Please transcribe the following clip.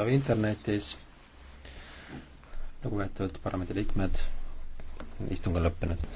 internetis. lugupeetud parlamendiliikmed, istung on lõppenud.